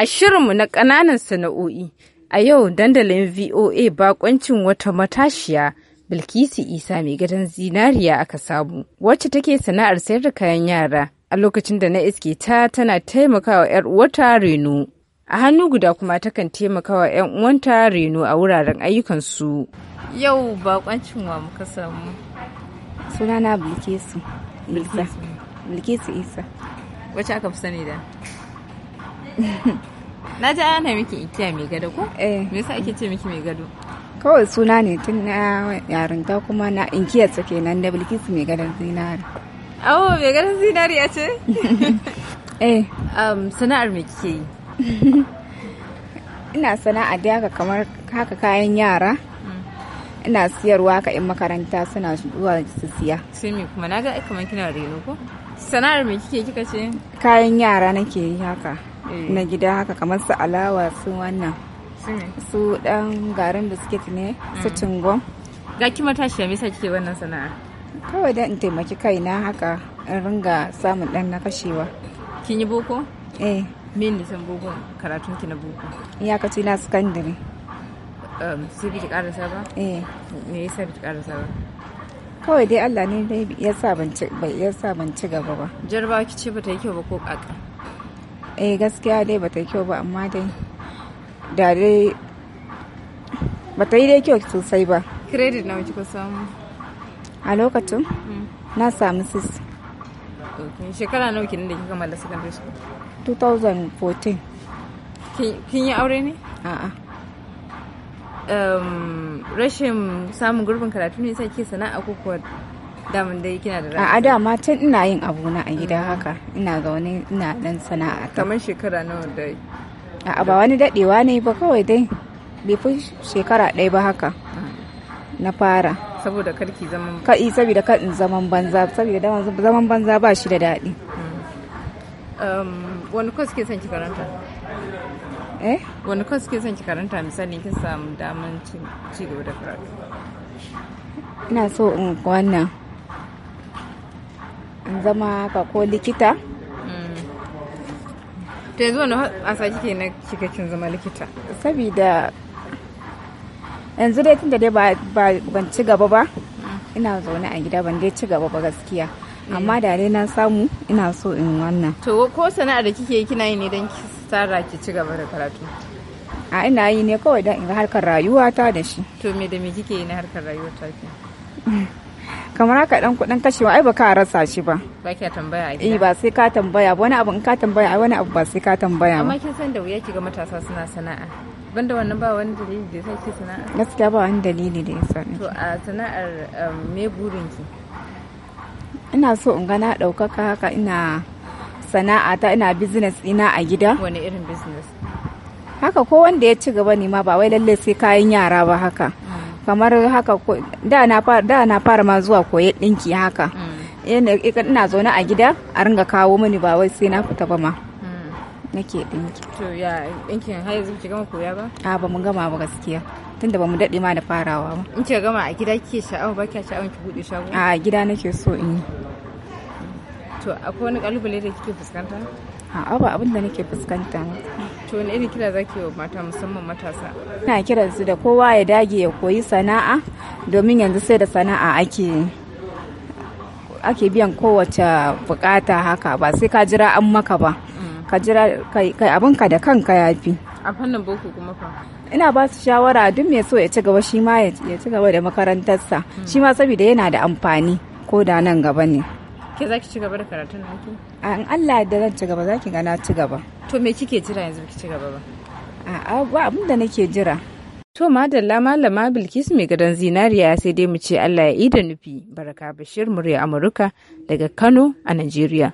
A shirinmu na ƙananan sana'o'i, a yau dandalin VOA bakoncin wata matashiya Bilkisu Isa mai gadon zinariya aka samu, wacce take sana'ar sayar da kayan yara. A lokacin da na iske ta tana taimakawa 'yar wata reno. A hannu guda kuma takan taimakawa 'yan uwanta reno a wuraren ayyukansu. Yau bakoncin wa muka samu. Sunana Bilkisu Isa. Bilkisu Isa. Wacce aka fi sani da? na ji ana miki ikiya mai gado ko? eh me yasa ake ce miki mai gado kawai suna ne tun na yarinta kuma na inkiya su nan da bilkisu mai gadon zinari awo mai gadon zinari ya ce? eh um, sana'ar me kike yi ina sana'a da haka kamar haka kayan yara mm. ina siyarwa ka in makaranta suna zuwa su siya sai me kuma naga kamar kina reno ko sana'ar me kike kika ce kayan yara nake yi haka Eh. na gida haka kamar su alawa su wannan su dan garin biskit ne su mm. cingon ga ki matashi ya misa kike wannan sana'a kawai dan in taimaki kaina haka in ringa samun dan na kashewa kin yi boko eh min san boko karatun ki na boko iyakaci na sakandare um, sai biki karasa ba eh me yasa biki karasa ba kawai dai Allah ne dai ya sa ban ci gaba ba jarabawa ce ba ta yi kyau ba ko kaka eh gaskiya dai bata kyau ba amma dai da dai bata yi dai kyau sosai ba credit na kika samu a lokacin mm. na samu sis shekara nawa kenan da kika kammala secondary school 2014 kin yi aure ne a'a um, rashin samun gurbin karatu ne sai ke sana'a ko kuwa damun dai kina da ra'ayi a da ma tun ina yin abu na a gida haka ina ga wani ina dan sana'a kamar shekara nawa dai a ba wani dadewa ne ba kawai dai bai fi shekara ɗaya ba haka na fara saboda karki zaman ka'i saboda kan zaman banza saboda zaman banza ba shi da daɗi um, wani kwas ke son ki karanta eh wani kwas ke son ki karanta misali kin samu daman ci gaba da karatu ina so in wannan zama ka ko likita mm. ta yanzu wani asa kike na cikakken zama likita saboda yanzu dai tun da dai ban ci gaba ba mm. ina zaune a gida ban dai ci gaba ba gaskiya mm. amma da dai na samu ina so in wannan to ko sana'ar da kike yi kina yi ne don ki tsara ki ci gaba da karatu a ina yi ne kawai don in harkar rayuwata da shi to me da me kike yi na harkar rayuwata ki kamar haka dan kudin kashewa ai baka rasa shi ba ba ke tambaya a gida eh ba sai ka tambaya wani abu in ka tambaya ai wani abu ba sai ka tambaya amma kin san da wuya ki ga matasa suna sana'a banda wannan ba wani dalili da yasa ki sana'a gaskiya ba wani dalili da yasa to a sana'ar um, me burin ki ina so in ga na daukaka haka ina sana'a ta ina business ina a gida wani irin business haka ko wanda ya ci gaba ne ma ba wai lalle sai kayan yara ba haka kamar haka da na fara da na fara ma zuwa koyi dinki haka mm. ina zaune a gida a ringa kawo mini ba wai sai na fita ba ma mm. nake dinki to ya dinki har yanzu ki gama koya ba a ba mun gama ba gaskiya tunda ba mu dade ma da farawa ba in ki gama a gida kike sha'awa ba kike sha'awa ki bude shago a gida nake so in yi mm. to akwai wani kalubale da kike fuskanta a'a ba abin da nake fuskanta to wani irin kira zaki wa mata musamman matasa ina kiran su da kowa ya dage ya koyi sana'a domin yanzu sai da sana'a ake ake biyan kowace bukata haka ba sai ka jira an maka ba mm. ka jira kai abinka da kanka fi a fannin boko kuma fa ina ba su shawara duk mai so ya ci gaba shi ma ya ci gaba da makarantarsa mm. shi ma saboda yana da amfani ko da nan gaba ne ke za ki ci gaba da karatun an Allah da zan ci gaba za ki gana ci gaba to me kike jira yanzu ki ci gaba ba a'a ba abin da nake jira to madalla malama Bilkisu mai gadon zinariya sai dai mu ce Allah ya yi da nufi baraka bashir murya Amurka daga Kano a Najeriya